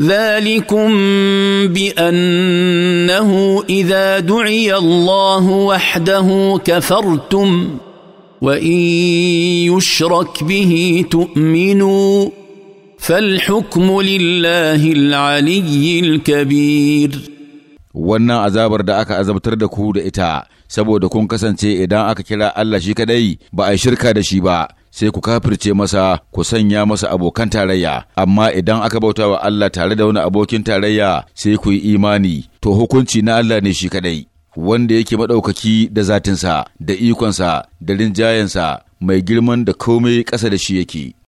ذلكم بانه اذا دعي الله وحده كفرتم وان يشرك به تؤمنوا فالحكم لله العلي الكبير wannan azabar da aka azabtar da ku da ita saboda kun kasance idan aka kira Allah shi kadai ba a shirka da shi ba sai ku kafirce masa ku sanya masa abokan tarayya amma idan aka bauta wa Allah tare da wani abokin tarayya sai ku yi imani to hukunci na Allah ne shi kadai wanda yake maɗaukaki da zatinsa da ikonsa da rinjayensa mai girman da komai ƙasa da shi yake